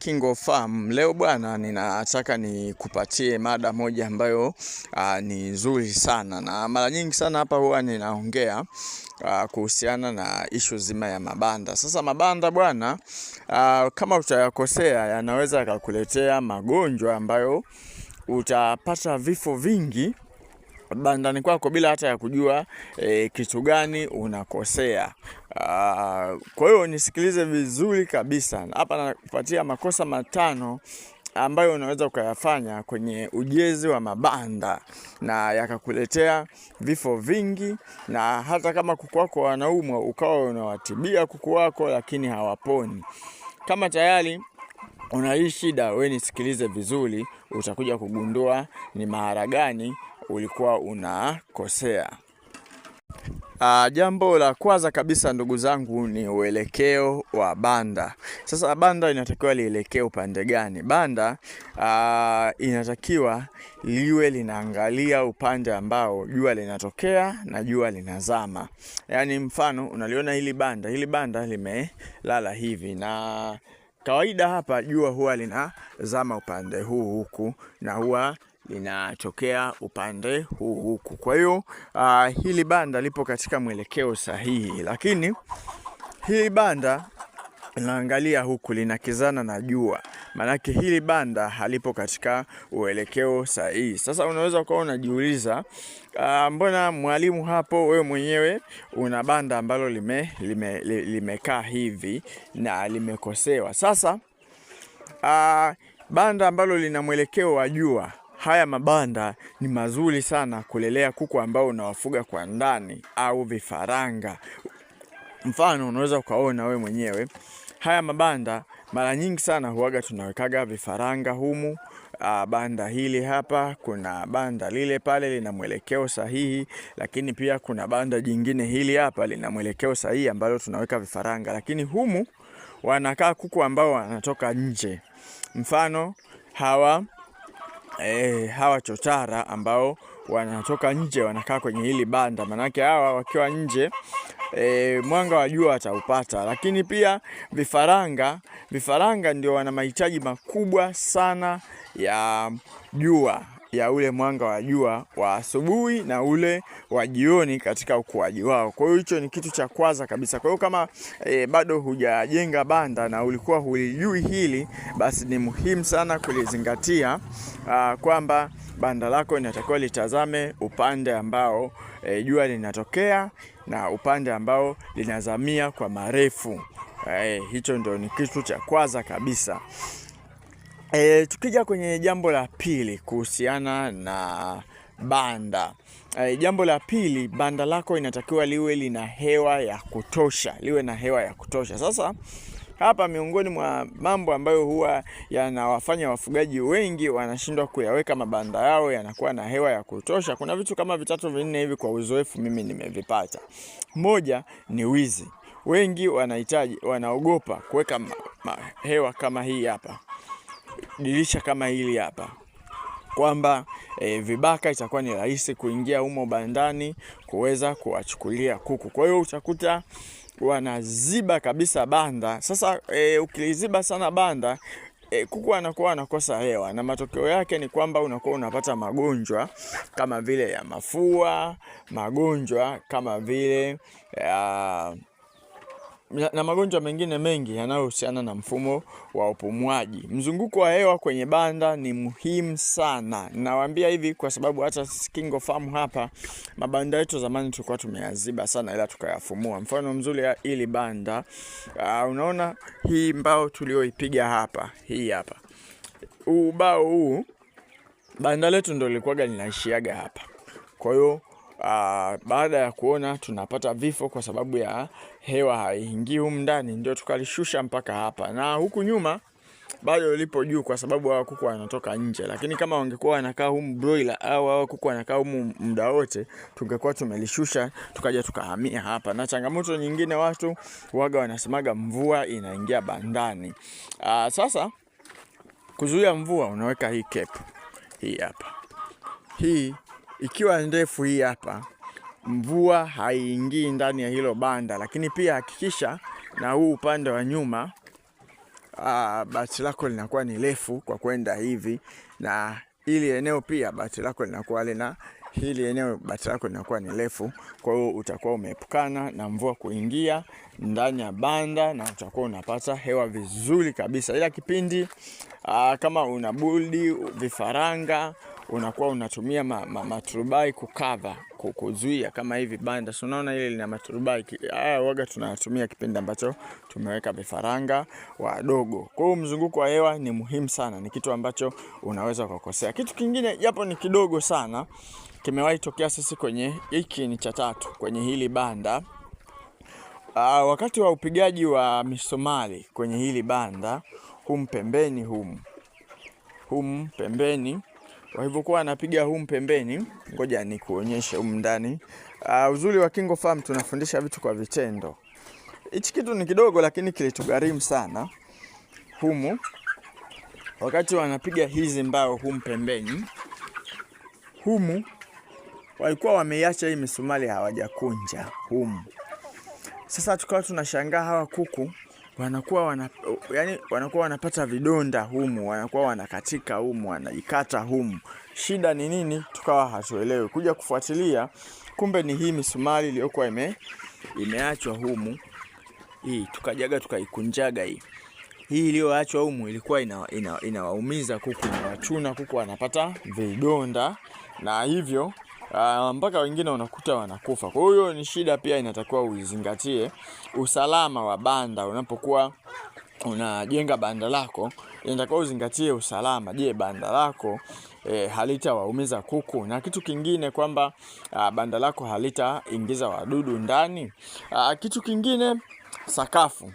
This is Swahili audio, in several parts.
Kingo Farm. Leo bwana, ninataka nikupatie mada moja ambayo uh, ni nzuri sana na mara nyingi sana hapa huwa ninaongea ah, kuhusiana na ishu zima ya mabanda. Sasa mabanda bwana, ah, kama utayakosea yanaweza yakakuletea magonjwa ambayo utapata vifo vingi bandani kwako bila hata ya kujua e, kitu gani unakosea. kwa hiyo nisikilize vizuri kabisa. Hapa nakupatia makosa matano ambayo unaweza ukayafanya kwenye ujezi wa mabanda na yakakuletea vifo vingi, na hata kama kuku wako wanaumwa ukawa unawatibia kuku wako lakini hawaponi. Kama tayari una hii shida, we nisikilize vizuri, utakuja kugundua ni mahara gani ulikuwa unakosea. Uh, jambo la kwanza kabisa ndugu zangu ni uelekeo wa banda. Sasa banda inatakiwa lielekee upande gani? Banda uh, inatakiwa liwe linaangalia upande ambao jua linatokea na jua linazama. Yaani mfano unaliona hili banda, hili banda limelala hivi na kawaida hapa jua huwa linazama upande huu huku na huwa linatokea upande huu huku. Kwa hiyo uh, hili banda lipo katika mwelekeo sahihi, lakini hili banda linaangalia huku linakizana na jua, maanake hili banda halipo katika uelekeo sahihi. Sasa unaweza ukawa unajiuliza uh, mbona mwalimu, hapo wewe mwenyewe una banda ambalo limekaa lime, lime hivi na limekosewa. Sasa uh, banda ambalo lina mwelekeo wa jua Haya mabanda ni mazuri sana kulelea kuku ambao unawafuga kwa ndani au vifaranga. Mfano unaweza ukaona we mwenyewe haya mabanda mara nyingi sana huaga tunawekaga vifaranga humu. A, ah, banda hili hapa, kuna banda lile pale lina mwelekeo sahihi, lakini pia kuna banda jingine hili hapa lina mwelekeo sahihi ambalo tunaweka vifaranga, lakini humu wanakaa kuku ambao wanatoka nje, mfano hawa eh, hawa chotara ambao wanatoka nje wanakaa kwenye hili banda, manake hawa wakiwa nje e, mwanga wa jua wataupata. Lakini pia vifaranga, vifaranga ndio wana mahitaji makubwa sana ya jua ya ule mwanga wa jua wa asubuhi na ule wa jioni katika ukuaji wao. Kwa hiyo hicho ni kitu cha kwanza kabisa. Kwa hiyo kama e, bado hujajenga banda na ulikuwa hulijui hili, basi ni muhimu sana kulizingatia kwamba banda lako linatakiwa litazame upande ambao e, jua linatokea na upande ambao linazamia kwa marefu. E, hicho ndio ni kitu cha kwanza kabisa. E, tukija kwenye jambo la pili kuhusiana na banda e, jambo la pili, banda lako inatakiwa liwe lina hewa ya kutosha, liwe na hewa ya kutosha. Sasa hapa miongoni mwa mambo ambayo huwa yanawafanya wafugaji wengi wanashindwa kuyaweka mabanda yao yanakuwa na hewa ya kutosha, kuna vitu kama vitatu vinne hivi, kwa uzoefu mimi nimevipata. Moja ni wizi, wengi wanahitaji, wanaogopa kuweka hewa kama hii hapa dirisha kama hili hapa kwamba e, vibaka itakuwa ni rahisi kuingia humo bandani kuweza kuwachukulia kuku. Kwa hiyo utakuta wanaziba kabisa banda. Sasa e, ukiliziba sana banda E, kuku anakuwa anakosa hewa na matokeo yake ni kwamba unakuwa unapata magonjwa kama vile ya mafua, magonjwa kama vile ya na magonjwa mengine mengi yanayohusiana na mfumo wa upumuaji. Mzunguko wa hewa kwenye banda ni muhimu sana. Nawaambia hivi kwa sababu hata Kingo Farm hapa mabanda yetu zamani tulikuwa tumeyaziba sana, ila tukayafumua. Mfano mzuri ili banda uh, unaona hii mbao tulioipiga hapa, hii hapa, ubao huu, banda letu ndio lilikuwaga linaishiaga hapa. Kwa hiyo uh, baada ya kuona tunapata vifo kwa sababu ya hewa haiingii humu ndani, ndio tukalishusha mpaka hapa, na huku nyuma bado lipo juu kwa sababu hawa kuku wanatoka nje, lakini kama wangekuwa wanakaa humu broiler au hawa kuku wanakaa humu muda wote, tungekuwa tumelishusha tukaja tukahamia hapa. Na changamoto nyingine, watu waga wanasemaga mvua inaingia bandani. Aa, ah, sasa kuzuia mvua unaweka hii cap hii hapa, hii ikiwa ndefu hii hapa mvua haiingii ndani ya hilo banda, lakini pia hakikisha na huu upande wa nyuma uh, bati lako linakuwa ni refu kwa kwenda hivi, na ili eneo pia bati lako linakuwa lina hili eneo bati lako linakuwa ni refu, kwa hiyo utakuwa umeepukana na mvua kuingia ndani ya banda na utakuwa unapata hewa vizuri kabisa. Ila kipindi aa, ah, kama una buldi vifaranga unakuwa unatumia ma, ma, maturubai kukava kuzuia kama hivi banda, so unaona ile lina maturubai haya, waga tunatumia kipindi ambacho tumeweka vifaranga wadogo. Kwa hiyo mzunguko wa hewa ni muhimu sana, ni kitu ambacho unaweza kukosea. Kitu kingine japo ni kidogo sana, kimewahi tokea sisi kwenye hiki ni cha tatu kwenye hili banda. Aa, ah, wakati wa upigaji wa misomali kwenye hili banda, hum pembeni, hum hum pembeni walivyokuwa anapiga humu pembeni, ngoja nikuonyeshe humu ndani. Uh, uzuri wa Kingo Farm tunafundisha vitu kwa vitendo. Hichi kitu ni kidogo, lakini kilitugharimu sana humu, wakati wanapiga hizi mbao humu pembeni humu walikuwa wameiacha hii misumari hawajakunja humu. Sasa tukawa tunashangaa hawa kuku wanakuwa wana, yani wanakuwa wanapata vidonda humu, wanakuwa wanakatika humu, wanaikata humu. Shida ni nini? Tukawa hatuelewi. Kuja kufuatilia, kumbe ni hii misumari iliyokuwa ime imeachwa humu, hii tukajaga tukaikunjaga hii hii iliyoachwa humu ilikuwa inawaumiza ina, ina kuku, inawachuna kuku, wanapata vidonda na hivyo uh, mpaka wengine unakuta wanakufa. Kwa hiyo ni shida pia, inatakiwa uizingatie usalama wa banda unapokuwa unajenga banda lako, inatakiwa uzingatie usalama. Je, banda lako e, halitawaumiza kuku? Na kitu kingine kwamba ah, banda lako halitaingiza wadudu ndani. A, ah, kitu kingine sakafu.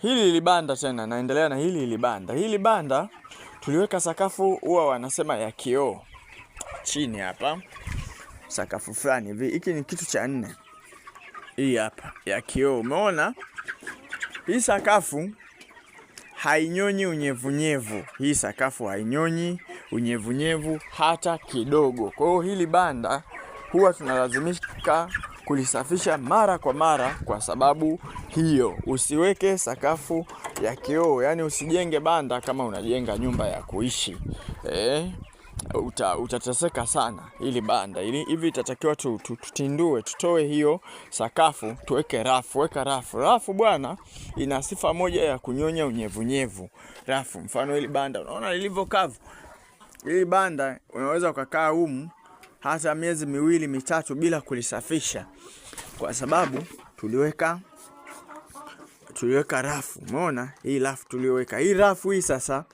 Hili libanda tena, naendelea na hili libanda. hili banda tuliweka sakafu huwa wanasema ya kioo chini hapa, sakafu fulani hivi. Hiki ni kitu cha nne, hii hapa ya kioo. Umeona hii sakafu hainyonyi unyevunyevu, hii sakafu hainyonyi unyevunyevu hata kidogo. Kwa hiyo hili banda huwa tunalazimika kulisafisha mara kwa mara kwa sababu hiyo. Usiweke sakafu ya kioo, yaani usijenge banda kama unajenga nyumba ya kuishi eh uta, utateseka sana ili banda ili, Hivi itatakiwa tutindue, tu, tutoe hiyo sakafu, tuweke rafu. Weka rafu. Rafu bwana, ina sifa moja ya kunyonya unyevunyevu. Rafu mfano ili banda, unaona lilivyo kavu hili banda, unaweza ukakaa humu hata miezi miwili mitatu bila kulisafisha, kwa sababu tuliweka tuliweka rafu. Umeona hii rafu tuliyoweka, hii rafu hii sasa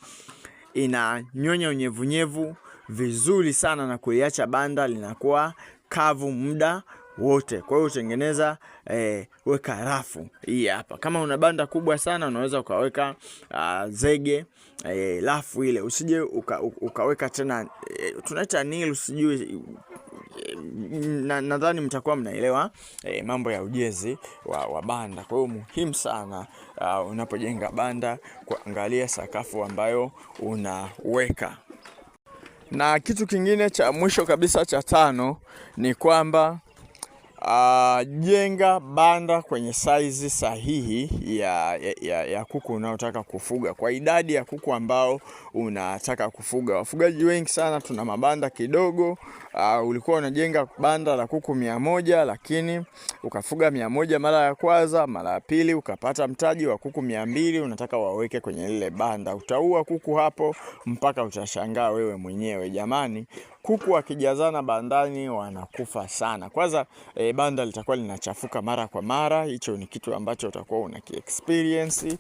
inanyonya unyevunyevu vizuri sana na kuliacha banda linakuwa kavu muda wote. Kwa hiyo utengeneza e, eh, weka rafu hii hapa. Kama una banda kubwa sana, unaweza ukaweka a, ah, zege e, rafu ile, usije uka, ukaweka tena e, tunaita nil, usijui nadhani na mtakuwa mnaelewa e, mambo ya ujenzi wa, wa banda. Kwa hiyo muhimu sana uh, unapojenga banda kuangalia sakafu ambayo unaweka. Na kitu kingine cha mwisho kabisa cha tano ni kwamba Uh, jenga banda kwenye saizi sahihi ya, ya, ya, ya kuku unaotaka kufuga kwa idadi ya kuku ambao unataka kufuga. Wafugaji wengi sana tuna mabanda kidogo. Uh, ulikuwa unajenga banda la kuku mia moja lakini ukafuga mia moja mara ya kwanza, mara ya pili ukapata mtaji wa kuku mia mbili unataka waweke kwenye lile banda. Utaua kuku hapo mpaka utashangaa wewe mwenyewe. Jamani, kuku wakijazana bandani wanakufa sana. Kwanza e, banda litakuwa linachafuka mara kwa mara, hicho ni kitu ambacho utakuwa una kiexperience.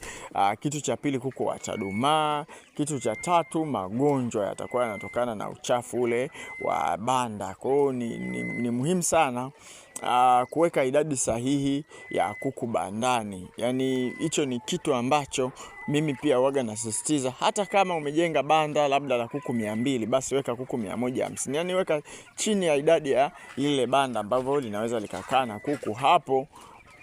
Kitu cha pili, kuku watadumaa. Kitu cha tatu, magonjwa yatakuwa yanatokana na uchafu ule wa banda. Kwa hiyo ni, ni, ni muhimu sana uh, kuweka idadi sahihi ya kuku bandani. Yaani hicho ni kitu ambacho mimi pia waga nasisitiza, hata kama umejenga banda labda la kuku mia mbili basi weka kuku mia moja hamsini yaani weka chini ya idadi ya lile banda ambavyo linaweza likakaa na kuku, hapo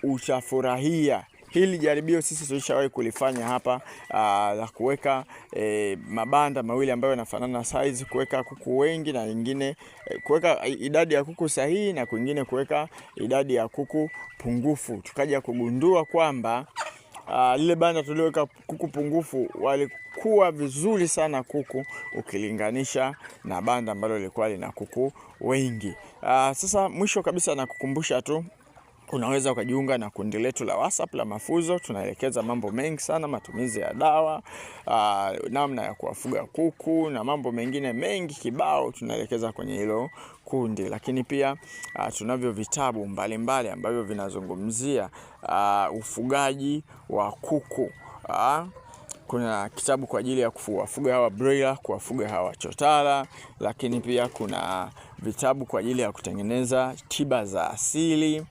utafurahia Hili jaribio sisi tulishawahi kulifanya hapa ah, la kuweka e, mabanda mawili ambayo yanafanana size, kuweka kuku wengi na nyingine eh, kuweka idadi ya kuku sahihi na kwingine kuweka idadi ya kuku pungufu. Tukaja kugundua kwamba Uh, lile banda tuliweka kuku pungufu walikuwa vizuri sana kuku ukilinganisha na banda ambalo lilikuwa lina kuku wengi. Uh, sasa mwisho kabisa nakukumbusha tu unaweza ukajiunga na kundi letu la WhatsApp la mafuzo Tunaelekeza mambo mengi sana, matumizi ya dawa, uh, namna ya kuwafuga kuku na mambo mengine mengi kibao, tunaelekeza kwenye hilo kundi. Lakini pia uh, tunavyo vitabu mbalimbali mbali ambavyo vinazungumzia uh, ufugaji wa kuku uh, kuna kitabu kwa ajili ya kuwafuga hawa broiler, kuwafuga hawa chotara, lakini pia kuna vitabu kwa ajili ya kutengeneza tiba za asili.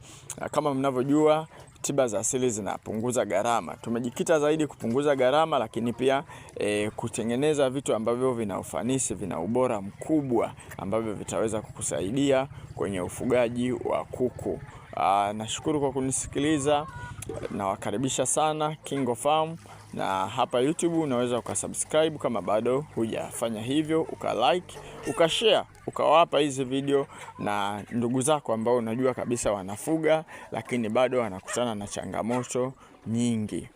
Kama mnavyojua tiba za asili zinapunguza gharama. Tumejikita zaidi kupunguza gharama, lakini pia e, kutengeneza vitu ambavyo vina ufanisi, vina ubora mkubwa, ambavyo vitaweza kukusaidia kwenye ufugaji wa kuku. Nashukuru kwa kunisikiliza, nawakaribisha sana Farm na hapa YouTube unaweza ukasubscribe kama bado hujafanya hivyo, ukalike, ukashare, ukawapa hizi video na ndugu zako ambao unajua kabisa wanafuga, lakini bado wanakutana na changamoto nyingi.